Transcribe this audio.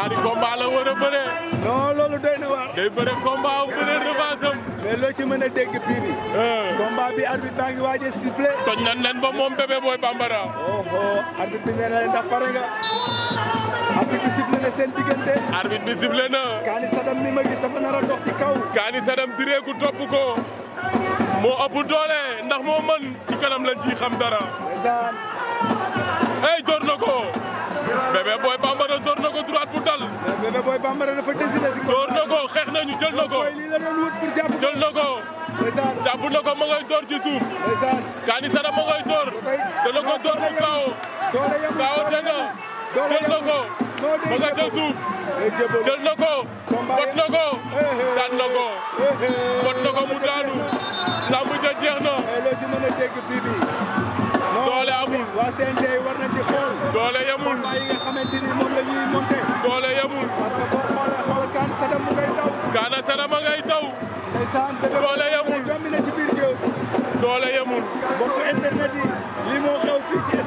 ñaari combat la war a bëree. non loolu doy na waar. day bëre combat am bëre revanche am. mais loo ci mën a dégg bii bi. Euh. combat bi arbitre baa ngi a leen ba moom bébé booy bambara. oh oh arbitre bi nee na leen ndax pare nga. bi sifflé na seen diggante. bi sifflé na. Kaani Sadam mi ma gis dafa nar a dox ci kaw. Kaani Sadam diree ku ko. moo ëpp doole ndax moo mën ci kanam lañ ciy xam dara. ndeysaan. hey door na ko. la. Bébé Boy Bambara dafa décidé si. door na ko xeex nañu jël na ko. lii la doon wut pour jàpp jël na ko. ndeysaan jàpp na ko ma ngay door ci suuf. ndeysaan Kani Sada ma ngay door. dana ko door mu kaaw. doole yëngu kaaw jël na. jël na ko. ma nga ca suuf. jël na ko. bot na ko. daan na ko. bot na ko mu daanu. lamb ja jeex na. loo ci mën a dégg bii bii. doole amul. waa CNG war nañ di xool. doole yamul. combat yi nga xamante ni moom la ñuy monté. كان سلام غاي داو دولا يمون دولا يمون بوكو انترنتي لي مو خاو